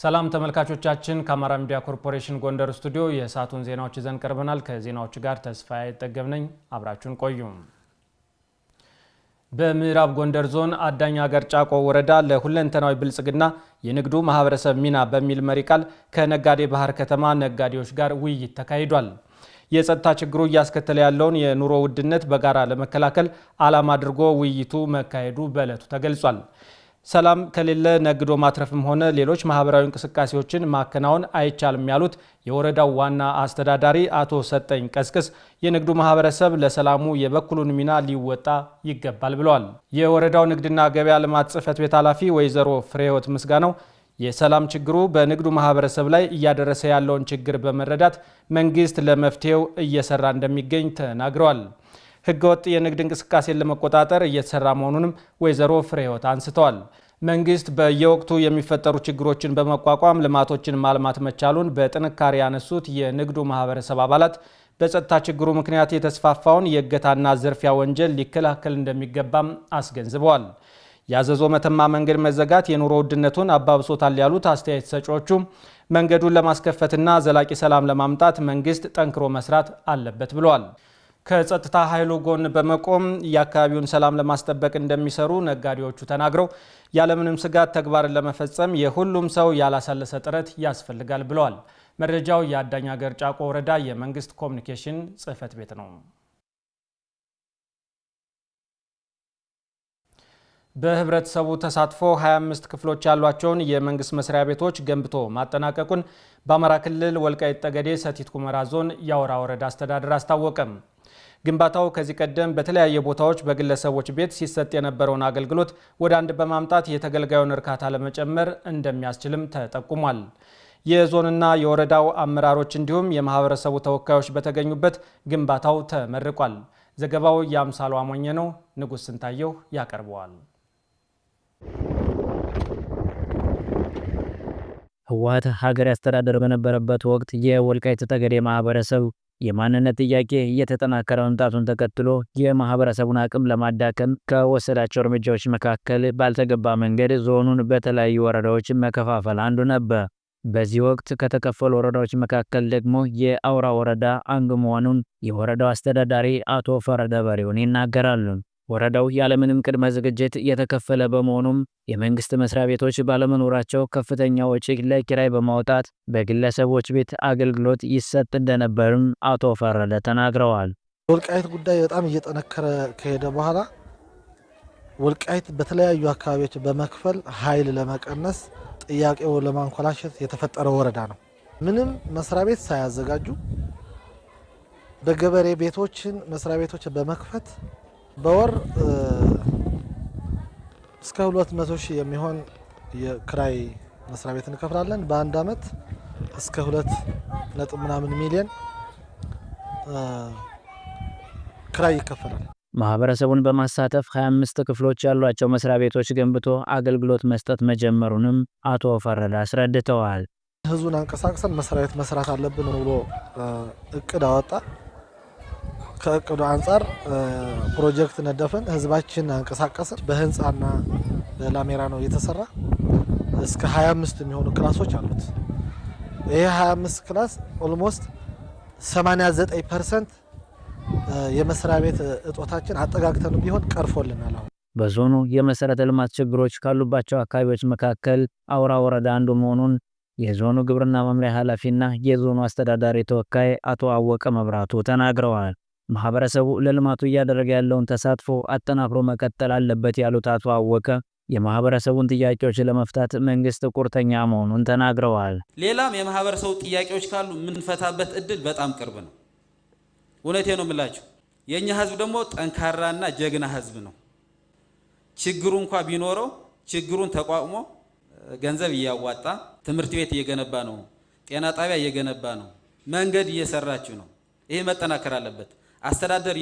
ሰላም ተመልካቾቻችን፣ ከአማራ ሚዲያ ኮርፖሬሽን ጎንደር ስቱዲዮ የእሳቱን ዜናዎች ይዘን ቀርበናል። ከዜናዎቹ ጋር ተስፋ ይጠገብ ነኝ። አብራችሁን ቆዩ። በምዕራብ ጎንደር ዞን አዳኝ ሀገር ጫቆ ወረዳ ለሁለንተናዊ ብልጽግና የንግዱ ማህበረሰብ ሚና በሚል መሪ ቃል ከነጋዴ ባህር ከተማ ነጋዴዎች ጋር ውይይት ተካሂዷል። የጸጥታ ችግሩ እያስከተለ ያለውን የኑሮ ውድነት በጋራ ለመከላከል ዓላማ አድርጎ ውይይቱ መካሄዱ በዕለቱ ተገልጿል። ሰላም ከሌለ ነግዶ ማትረፍም ሆነ ሌሎች ማህበራዊ እንቅስቃሴዎችን ማከናወን አይቻልም ያሉት የወረዳው ዋና አስተዳዳሪ አቶ ሰጠኝ ቀስቅስ የንግዱ ማህበረሰብ ለሰላሙ የበኩሉን ሚና ሊወጣ ይገባል ብለዋል። የወረዳው ንግድና ገበያ ልማት ጽፈት ቤት ኃላፊ ወይዘሮ ፍሬህይወት ምስጋናው የሰላም ችግሩ በንግዱ ማህበረሰብ ላይ እያደረሰ ያለውን ችግር በመረዳት መንግስት ለመፍትሄው እየሰራ እንደሚገኝ ተናግረዋል። ህገወጥ የንግድ እንቅስቃሴን ለመቆጣጠር እየተሰራ መሆኑንም ወይዘሮ ፍሬህይወት አንስተዋል። መንግስት በየወቅቱ የሚፈጠሩ ችግሮችን በመቋቋም ልማቶችን ማልማት መቻሉን በጥንካሬ ያነሱት የንግዱ ማህበረሰብ አባላት በጸጥታ ችግሩ ምክንያት የተስፋፋውን የእገታና ዝርፊያ ወንጀል ሊከላከል እንደሚገባም አስገንዝበዋል። ያዘዞ መተማ መንገድ መዘጋት የኑሮ ውድነቱን አባብሶታል ያሉት አስተያየት ሰጪዎቹ መንገዱን ለማስከፈትና ዘላቂ ሰላም ለማምጣት መንግስት ጠንክሮ መስራት አለበት ብለዋል። ከጸጥታ ኃይሉ ጎን በመቆም የአካባቢውን ሰላም ለማስጠበቅ እንደሚሰሩ ነጋዴዎቹ ተናግረው ያለምንም ስጋት ተግባርን ለመፈጸም የሁሉም ሰው ያላሳለሰ ጥረት ያስፈልጋል ብለዋል። መረጃው የአዳኝ ሀገር ጫቆ ወረዳ የመንግስት ኮሚኒኬሽን ጽህፈት ቤት ነው። በህብረተሰቡ ተሳትፎ 25 ክፍሎች ያሏቸውን የመንግስት መስሪያ ቤቶች ገንብቶ ማጠናቀቁን በአማራ ክልል ወልቃይት ጠገዴ ሰቲት ኩመራ ዞን የአውራ ወረዳ አስተዳደር አስታወቀም። ግንባታው ከዚህ ቀደም በተለያየ ቦታዎች በግለሰቦች ቤት ሲሰጥ የነበረውን አገልግሎት ወደ አንድ በማምጣት የተገልጋዩን እርካታ ለመጨመር እንደሚያስችልም ተጠቁሟል። የዞንና የወረዳው አመራሮች እንዲሁም የማህበረሰቡ ተወካዮች በተገኙበት ግንባታው ተመርቋል። ዘገባው የአምሳሉ አሞኘ ነው። ንጉሥ ስንታየው ያቀርበዋል። ህወሓት ሀገር ያስተዳደር በነበረበት ወቅት የወልቃይት ጠገዴ ማህበረሰብ የማንነት ጥያቄ እየተጠናከረ መምጣቱን ተከትሎ የማህበረሰቡን አቅም ለማዳከም ከወሰዳቸው እርምጃዎች መካከል ባልተገባ መንገድ ዞኑን በተለያዩ ወረዳዎች መከፋፈል አንዱ ነበር። በዚህ ወቅት ከተከፈሉ ወረዳዎች መካከል ደግሞ የአውራ ወረዳ አንዱ መሆኑን የወረዳው አስተዳዳሪ አቶ ፈረደ በሬውን ይናገራሉ። ወረዳው ያለምንም ቅድመ ዝግጅት የተከፈለ በመሆኑም የመንግስት መስሪያ ቤቶች ባለመኖራቸው ከፍተኛ ወጪ ለኪራይ በማውጣት በግለሰቦች ቤት አገልግሎት ይሰጥ እንደነበርም አቶ ፈረደ ተናግረዋል። ወልቃይት ጉዳይ በጣም እየጠነከረ ከሄደ በኋላ ወልቃይት በተለያዩ አካባቢዎች በመክፈል ኃይል ለመቀነስ ጥያቄው ለማንኮላሸት የተፈጠረ ወረዳ ነው። ምንም መስሪያ ቤት ሳያዘጋጁ በገበሬ ቤቶችን መስሪያ ቤቶችን በመክፈት በወር እስከ ሁለት መቶ ሺህ የሚሆን የክራይ መስሪያ ቤት እንከፍላለን። በአንድ አመት እስከ ሁለት ነጥብ ምናምን ሚሊዮን ክራይ ይከፈላል። ማህበረሰቡን በማሳተፍ 25 ክፍሎች ያሏቸው መስሪያ ቤቶች ገንብቶ አገልግሎት መስጠት መጀመሩንም አቶ ፈረዳ አስረድተዋል። ህዝቡን አንቀሳቅሰን መስሪያ ቤት መስራት አለብን ብሎ እቅድ አወጣ። ከእቅዱ አንጻር ፕሮጀክት ነደፍን፣ ህዝባችን አንቀሳቀስን። በህንፃና በላሜራ ነው የተሰራ። እስከ 25 የሚሆኑ ክላሶች አሉት። ይሄ 25 ክላስ ኦልሞስት 89 ፐርሰንት የመስሪያ ቤት እጦታችን አጠጋግተን ቢሆን ቀርፎልናል። አሁን በዞኑ የመሰረተ ልማት ችግሮች ካሉባቸው አካባቢዎች መካከል አውራ ወረዳ አንዱ መሆኑን የዞኑ ግብርና መምሪያ ኃላፊና የዞኑ አስተዳዳሪ ተወካይ አቶ አወቀ መብራቱ ተናግረዋል። ማህበረሰቡ ለልማቱ እያደረገ ያለውን ተሳትፎ አጠናክሮ መቀጠል አለበት ያሉት አቶ አወቀ የማህበረሰቡን ጥያቄዎች ለመፍታት መንግስት ቁርጠኛ መሆኑን ተናግረዋል። ሌላም የማህበረሰቡ ጥያቄዎች ካሉ የምንፈታበት እድል በጣም ቅርብ ነው። እውነቴ ነው የምላችሁ። የእኛ ህዝብ ደግሞ ጠንካራና ጀግና ህዝብ ነው። ችግሩ እንኳ ቢኖረው ችግሩን ተቋቁሞ ገንዘብ እያዋጣ ትምህርት ቤት እየገነባ ነው። ጤና ጣቢያ እየገነባ ነው። መንገድ እየሰራችሁ ነው። ይሄ መጠናከር አለበት። አስተዳደር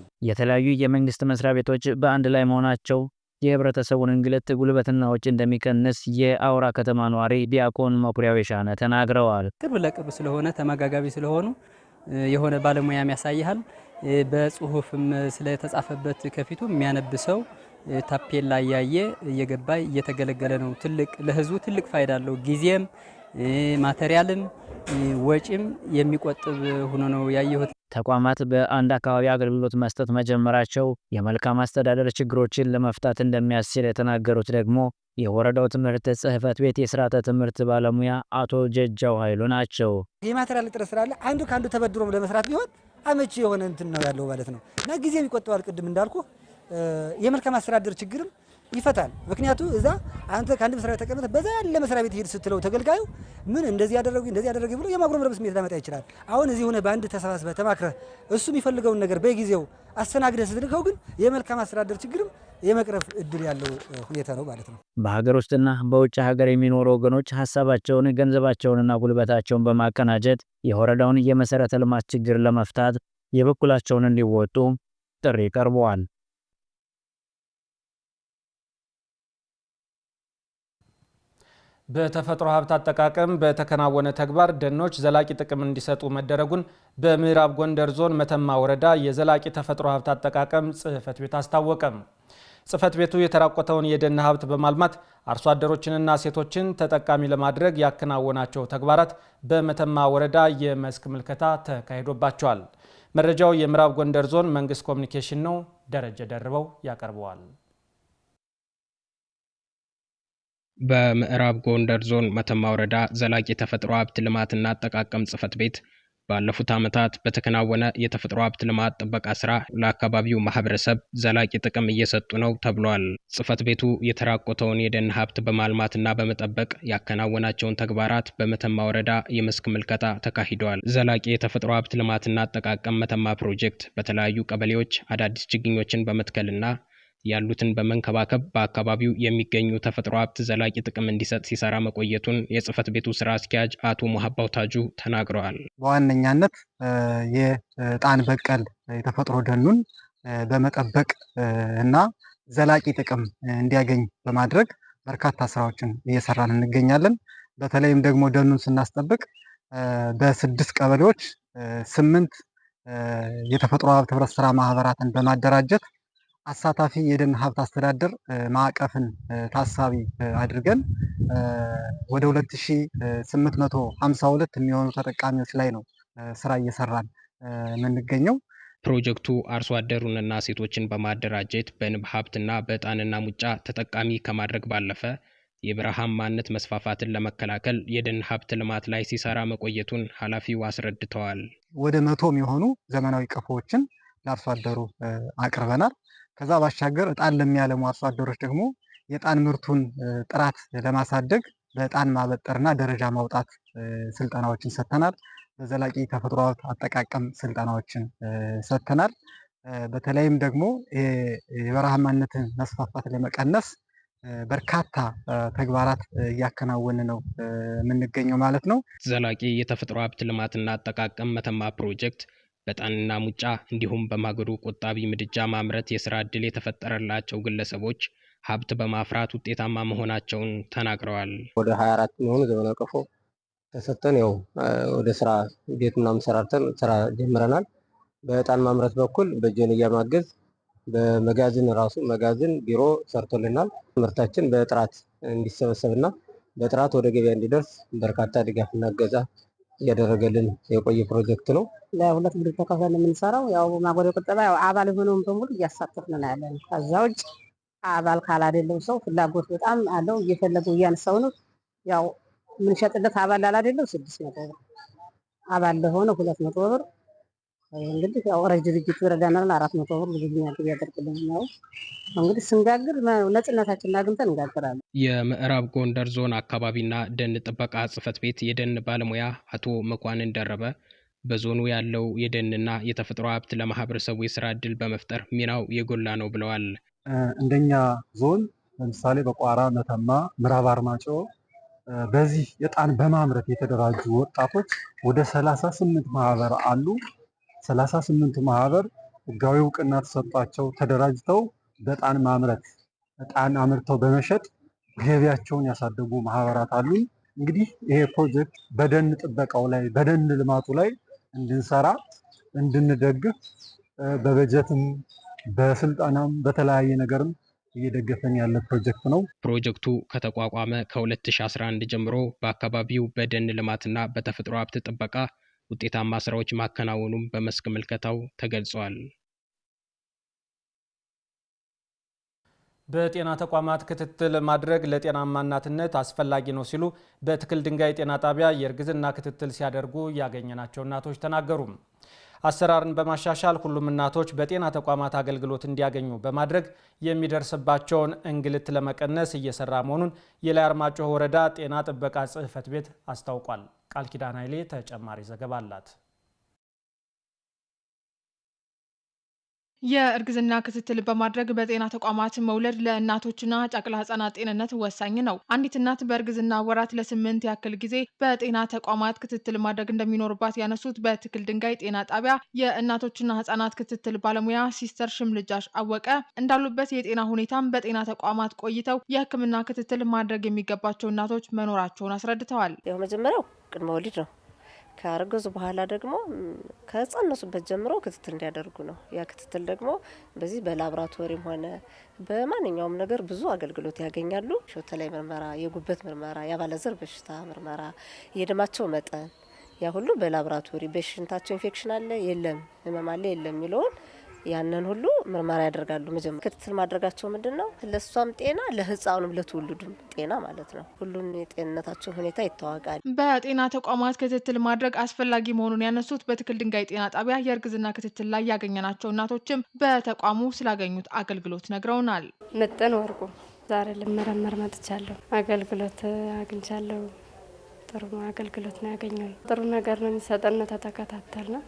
ነው። የተለያዩ የመንግስት መስሪያ ቤቶች በአንድ ላይ መሆናቸው የህብረተሰቡን እንግልት ጉልበትና ወጪ እንደሚቀንስ የአውራ ከተማ ነዋሪ ዲያቆን መኩሪያው የሻነ ተናግረዋል። ቅርብ ለቅርብ ስለሆነ ተመጋጋቢ ስለሆኑ የሆነ ባለሙያም ያሳይሃል። በጽሁፍም ስለተጻፈበት ከፊቱ የሚያነብሰው ታፔላ እያየ እየገባ እየተገለገለ ነው። ትልቅ ለህዝቡ ትልቅ ፋይዳ አለው። ጊዜም ማቴሪያልም ወጪም የሚቆጥብ ሆኖ ነው ያየሁት። ተቋማት በአንድ አካባቢ አገልግሎት መስጠት መጀመራቸው የመልካም አስተዳደር ችግሮችን ለመፍታት እንደሚያስችል የተናገሩት ደግሞ የወረዳው ትምህርት ጽህፈት ቤት የስርዓተ ትምህርት ባለሙያ አቶ ጀጃው ኃይሉ ናቸው። የማቴሪያል እጥረት ስላለ አንዱ ከአንዱ ተበድሮ ለመስራት ቢሆን አመቺ የሆነ እንትን ነው ያለው ማለት ነው እና ጊዜም ይቆጠባል። ቅድም እንዳልኩ የመልካም አስተዳደር ችግርም ይፈታል። ምክንያቱ እዛ አንተ ከአንድ መስሪያ ቤት ተቀምጠህ በዛ ያለ መስሪያ ቤት ሄድ ስትለው ተገልጋዩ ምን እንደዚህ ያደረጉ እንደዚህ ያደረጉ ብሎ የማጉረምረም ስሜት ሊያመጣ ይችላል። አሁን እዚህ ሆነ በአንድ ተሰባስበህ ተማክረ እሱ የሚፈልገውን ነገር በጊዜው አስተናግደ ስትልከው ግን የመልካም አስተዳደር ችግርም የመቅረፍ እድል ያለው ሁኔታ ነው ማለት ነው። በሀገር ውስጥና በውጭ ሀገር የሚኖሩ ወገኖች ሀሳባቸውን፣ ገንዘባቸውንና ጉልበታቸውን በማቀናጀት የወረዳውን የመሰረተ ልማት ችግር ለመፍታት የበኩላቸውን እንዲወጡ ጥሪ ቀርበዋል። በተፈጥሮ ሀብት አጠቃቀም በተከናወነ ተግባር ደኖች ዘላቂ ጥቅም እንዲሰጡ መደረጉን በምዕራብ ጎንደር ዞን መተማ ወረዳ የዘላቂ ተፈጥሮ ሀብት አጠቃቀም ጽሕፈት ቤት አስታወቀም። ጽሕፈት ቤቱ የተራቆተውን የደን ሀብት በማልማት አርሶ አደሮችንና ሴቶችን ተጠቃሚ ለማድረግ ያከናወናቸው ተግባራት በመተማ ወረዳ የመስክ ምልከታ ተካሂዶባቸዋል። መረጃው የምዕራብ ጎንደር ዞን መንግስት ኮሚኒኬሽን ነው። ደረጀ ደርበው ያቀርበዋል። በምዕራብ ጎንደር ዞን መተማ ወረዳ ዘላቂ የተፈጥሮ ሀብት ልማትና አጠቃቀም ጽህፈት ቤት ባለፉት ዓመታት በተከናወነ የተፈጥሮ ሀብት ልማት ጥበቃ ስራ ለአካባቢው ማህበረሰብ ዘላቂ ጥቅም እየሰጡ ነው ተብሏል። ጽሕፈት ቤቱ የተራቆተውን የደን ሀብት በማልማትና በመጠበቅ ያከናወናቸውን ተግባራት በመተማ ወረዳ የመስክ ምልከታ ተካሂደዋል። ዘላቂ የተፈጥሮ ሀብት ልማትና አጠቃቀም መተማ ፕሮጀክት በተለያዩ ቀበሌዎች አዳዲስ ችግኞችን በመትከልና ያሉትን በመንከባከብ በአካባቢው የሚገኙ ተፈጥሮ ሀብት ዘላቂ ጥቅም እንዲሰጥ ሲሰራ መቆየቱን የጽህፈት ቤቱ ስራ አስኪያጅ አቶ ሙሀባው ታጁ ተናግረዋል። በዋነኛነት የጣን በቀል የተፈጥሮ ደኑን በመጠበቅ እና ዘላቂ ጥቅም እንዲያገኝ በማድረግ በርካታ ስራዎችን እየሰራን እንገኛለን። በተለይም ደግሞ ደኑን ስናስጠብቅ በስድስት ቀበሌዎች ስምንት የተፈጥሮ ሀብት ህብረት ስራ ማህበራትን በማደራጀት አሳታፊ የደን ሀብት አስተዳደር ማዕቀፍን ታሳቢ አድርገን ወደ 2852 የሚሆኑ ተጠቃሚዎች ላይ ነው ስራ እየሰራን የምንገኘው። ፕሮጀክቱ አርሶ አደሩንና ሴቶችን በማደራጀት በንብ ሀብትና በዕጣንና ሙጫ ተጠቃሚ ከማድረግ ባለፈ የበረሃማነት መስፋፋትን ለመከላከል የደን ሀብት ልማት ላይ ሲሰራ መቆየቱን ኃላፊው አስረድተዋል። ወደ መቶ የሚሆኑ ዘመናዊ ቀፎዎችን ለአርሶ አደሩ አቅርበናል። ከዛ ባሻገር እጣን ለሚያለሙ አርሶ አደሮች ደግሞ የእጣን ምርቱን ጥራት ለማሳደግ በእጣን ማበጠርና ደረጃ ማውጣት ስልጠናዎችን ሰጥተናል። በዘላቂ ተፈጥሮ ሀብት አጠቃቀም ስልጠናዎችን ሰጥተናል። በተለይም ደግሞ የበረሃማነትን መስፋፋት ለመቀነስ በርካታ ተግባራት እያከናወን ነው የምንገኘው ማለት ነው። ዘላቂ የተፈጥሮ ሀብት ልማትና አጠቃቀም መተማ ፕሮጀክት በጣንና ሙጫ እንዲሁም በማገዶ ቆጣቢ ምድጃ ማምረት የስራ ዕድል የተፈጠረላቸው ግለሰቦች ሀብት በማፍራት ውጤታማ መሆናቸውን ተናግረዋል። ወደ ሀያ አራት የሚሆኑ ዘመን አቀፎ ተሰጠን ያው ወደ ስራ ቤት ምናምን ሰራርተን ስራ ጀምረናል። በእጣን ማምረት በኩል በእጀን እያማገዝ በመጋዘን ራሱ መጋዘን ቢሮ ሰርቶልናል። ምርታችን በጥራት እንዲሰበሰብና በጥራት ወደ ገበያ እንዲደርስ በርካታ ድጋፍ እናገዛ እያደረገልን የቆየ ፕሮጀክት ነው። ለሁለት ቡድን ተከፍለን የምንሰራው ያው ማጎሪያ ቁጠባ ያው አባል የሆነውን በሙሉ እያሳተፍን ነው ያለን። ከዛ ውጭ አባል ካላደለው ሰው ፍላጎት በጣም አለው እየፈለገው እያነሳው ነው ያው የምንሸጥለት አባል ላላደለው ስድስት መቶ ብር አባል ለሆነ ሁለት መቶ ብር እንግዲህ ያው ረጅ ድርጅቱ ይረዳናል። አራት መቶ ብር ብዙ ኛ ያደርግልን ነው እንግዲህ ስንጋግር ነጽነታችንን አግኝተን እንጋግራለን። የምዕራብ ጎንደር ዞን አካባቢና ደን ጥበቃ ጽህፈት ቤት የደን ባለሙያ አቶ መኳንን ደረበ በዞኑ ያለው የደንና የተፈጥሮ ሀብት ለማህበረሰቡ የስራ እድል በመፍጠር ሚናው የጎላ ነው ብለዋል። እንደኛ ዞን ለምሳሌ በቋራ መተማ፣ ምዕራብ አርማጮ በዚህ እጣን በማምረት የተደራጁ ወጣቶች ወደ ሰላሳ ስምንት ማህበር አሉ። ሰላሳ ስምንቱ ማህበር ህጋዊ እውቅና ተሰጧቸው ተደራጅተው በጣን ማምረት በጣን አምርተው በመሸጥ ገቢያቸውን ያሳደጉ ማህበራት አሉ። እንግዲህ ይሄ ፕሮጀክት በደን ጥበቃው ላይ በደን ልማቱ ላይ እንድንሰራ እንድንደግፍ በበጀትም በስልጠናም በተለያየ ነገርም እየደገፈን ያለ ፕሮጀክት ነው። ፕሮጀክቱ ከተቋቋመ ከ2011 ጀምሮ በአካባቢው በደን ልማትና በተፈጥሮ ሀብት ጥበቃ ውጤታማ ስራዎች ማከናወኑም በመስክ ምልከታው ተገልጿል። በጤና ተቋማት ክትትል ማድረግ ለጤናማ እናትነት አስፈላጊ ነው ሲሉ በትክል ድንጋይ ጤና ጣቢያ የእርግዝና ክትትል ሲያደርጉ ያገኘናቸው እናቶች ተናገሩም። አሰራርን በማሻሻል ሁሉም እናቶች በጤና ተቋማት አገልግሎት እንዲያገኙ በማድረግ የሚደርስባቸውን እንግልት ለመቀነስ እየሰራ መሆኑን የላይ አርማጭሆ ወረዳ ጤና ጥበቃ ጽሕፈት ቤት አስታውቋል። ቃል ኪዳን ኃይሌ ተጨማሪ ዘገባ አላት። የእርግዝና ክትትል በማድረግ በጤና ተቋማት መውለድ ለእናቶችና ጨቅላ ህጻናት ጤንነት ወሳኝ ነው። አንዲት እናት በእርግዝና ወራት ለስምንት ያክል ጊዜ በጤና ተቋማት ክትትል ማድረግ እንደሚኖርባት ያነሱት በትክል ድንጋይ ጤና ጣቢያ የእናቶችና ህጻናት ክትትል ባለሙያ ሲስተር ሽምልጃሽ አወቀ እንዳሉበት የጤና ሁኔታም በጤና ተቋማት ቆይተው የህክምና ክትትል ማድረግ የሚገባቸው እናቶች መኖራቸውን አስረድተዋል። ያው መጀመሪያው ቅድመ ወሊድ ነው። ካረገዙ በኋላ ደግሞ ከጸነሱበት ጀምሮ ክትትል እንዲያደርጉ ነው። ያ ክትትል ደግሞ በዚህ በላብራቶሪም ሆነ በማንኛውም ነገር ብዙ አገልግሎት ያገኛሉ። ሾተ ላይ ምርመራ፣ የጉበት ምርመራ፣ የአባለዘር በሽታ ምርመራ፣ የደማቸው መጠን ያ ሁሉ በላብራቶሪ በሽንታቸው ኢንፌክሽን አለ የለም፣ ህመም አለ የለም የሚለውን ያንን ሁሉ ምርመራ ያደርጋሉ። መጀመሪያ ክትትል ማድረጋቸው ምንድን ነው ለእሷም ጤና ለህፃኑም ለትውልዱም ጤና ማለት ነው። ሁሉን የጤንነታቸው ሁኔታ ይታወቃል። በጤና ተቋማት ክትትል ማድረግ አስፈላጊ መሆኑን ያነሱት በትክል ድንጋይ ጤና ጣቢያ የእርግዝና ክትትል ላይ ያገኘናቸው እናቶችም በተቋሙ ስላገኙት አገልግሎት ነግረውናል። ምጥን ወርቁ ዛሬ ልመረመር መጥቻለሁ። አገልግሎት አግኝቻለሁ። ጥሩ አገልግሎት ነው ያገኘ። ጥሩ ነገር ነው የሚሰጠን። ተተከታተል ነው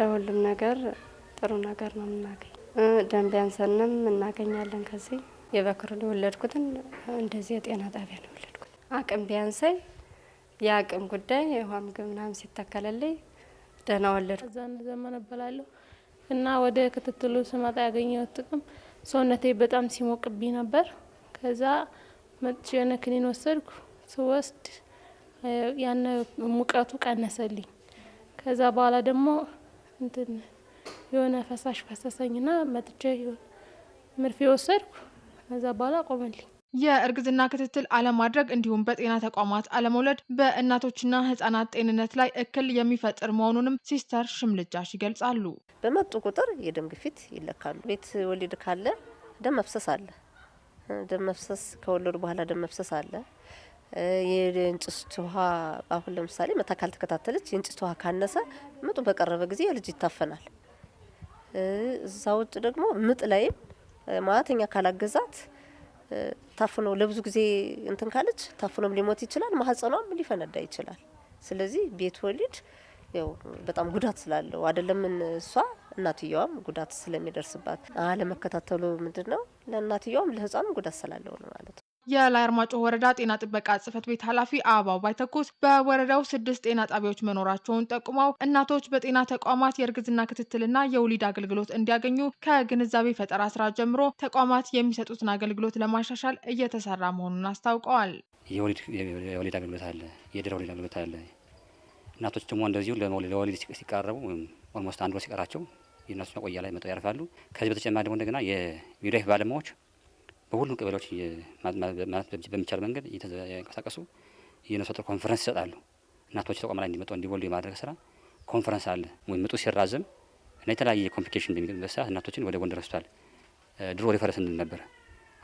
ለሁሉም ነገር ጥሩ ነገር ነው የምናገኝ። ደም ቢያንሰንም እናገኛለን። ከዚህ የበክሩን የወለድኩትን እንደዚህ የጤና ጣቢያ ነው የወለድኩት። አቅም ቢያንሰይ የአቅም ጉዳይ የውሃ ምግብ ምናምን ሲተከለልኝ ደህና ወለድ ዛን ዘመን እበላለሁ እና ወደ ክትትሉ ስመጣ ያገኘሁት ጥቅም ሰውነቴ በጣም ሲሞቅብኝ ነበር። ከዛ መጥቼ የሆነ ክኒን ወሰድኩ። ስወስድ ያነ ሙቀቱ ቀነሰልኝ። ከዛ በኋላ ደግሞ እንትን የሆነ ፈሳሽ ፈሰሰኝና መጥቼ መርፌ ወሰድኩ። ከዛ በኋላ ቆመልኝ። የእርግዝና ክትትል አለማድረግ እንዲሁም በጤና ተቋማት አለመውለድ በእናቶችና ህጻናት ጤንነት ላይ እክል የሚፈጥር መሆኑንም ሲስተር ሽምልጃሽ ይገልጻሉ። በመጡ ቁጥር የደም ግፊት ይለካሉ። ቤት ወሊድ ካለ ደም መፍሰስ አለ። ደም መፍሰስ ከወለዱ በኋላ ደም መፍሰስ አለ። የእንጭስት ውሃ አሁን ለምሳሌ መታ ካልተከታተለች የእንጭስት ውሃ ካነሰ ምጡ በቀረበ ጊዜ ልጅ ይታፈናል። እዛ ውጭ ደግሞ ምጥ ላይም ማለት እኛ ካላገዛት ታፍኖ ለብዙ ጊዜ እንትን ካለች ታፍኖም ሊሞት ይችላል፣ ማህጸኗም ሊፈነዳ ይችላል። ስለዚህ ቤት ወሊድ ያው በጣም ጉዳት ስላለው አይደለም እሷ እናትየዋም ጉዳት ስለሚደርስባት አለመከታተሉ ምንድን ነው ለእናትየዋም ለህፃኑ ጉዳት ስላለው ነው ማለት ነው። የላይ አርማጭሆ ወረዳ ጤና ጥበቃ ጽፈት ቤት ኃላፊ አበባው ባይተኩስ በወረዳው ስድስት ጤና ጣቢያዎች መኖራቸውን ጠቁመው እናቶች በጤና ተቋማት የእርግዝና ክትትልና የወሊድ አገልግሎት እንዲያገኙ ከግንዛቤ ፈጠራ ስራ ጀምሮ ተቋማት የሚሰጡትን አገልግሎት ለማሻሻል እየተሰራ መሆኑን አስታውቀዋል። የወሊድ አገልግሎት አለ፣ የድህረ ወሊድ አገልግሎት አለ። እናቶች ደግሞ እንደዚሁ ለወሊድ ሲቃረቡ ኦልሞስት አንድ ወር ሲቀራቸው የእነሱ መቆያ ላይ መጠው ያርፋሉ። ከዚህ በተጨማሪ ደግሞ እንደገና የሚድዋይፍ ባለሙያዎች በሁሉም ቀበሌዎች ማለት በሚቻል መንገድ እየተንቀሳቀሱ የነፍሰ ኮንፈረንስ ይሰጣሉ። እናቶች ተቋም ላይ እንዲመጡ እንዲወልዱ የማድረግ ስራ ኮንፈረንስ አለ። ወይም ምጡ ሲራዘም እና የተለያየ ኮምፕሊኬሽን በሚገጥምበት ሰዓት እናቶችን ወደ ጎንደር ሆስፒታል ድሮ ሪፈረስ እንል ነበረ።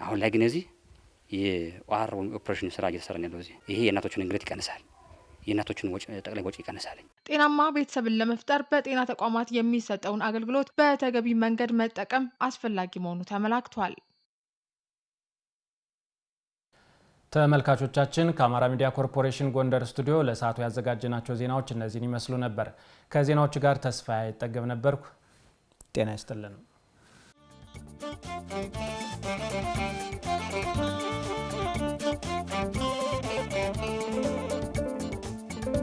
አሁን ላይ ግን እዚህ ወይም ኦፕሬሽን ስራ እየተሰራ ያለው እዚህ ይሄ የእናቶችን እንግልት ይቀንሳል። የእናቶችን ጠቅላይ ወጪ ይቀንሳል። ጤናማ ቤተሰብን ለመፍጠር በጤና ተቋማት የሚሰጠውን አገልግሎት በተገቢ መንገድ መጠቀም አስፈላጊ መሆኑ ተመላክቷል። ተመልካቾቻችን ከአማራ ሚዲያ ኮርፖሬሽን ጎንደር ስቱዲዮ ለሰዓቱ ያዘጋጀናቸው ዜናዎች እነዚህን ይመስሉ ነበር። ከዜናዎቹ ጋር ተስፋ ይጠገብ ነበርኩ። ጤና ይስጥልን።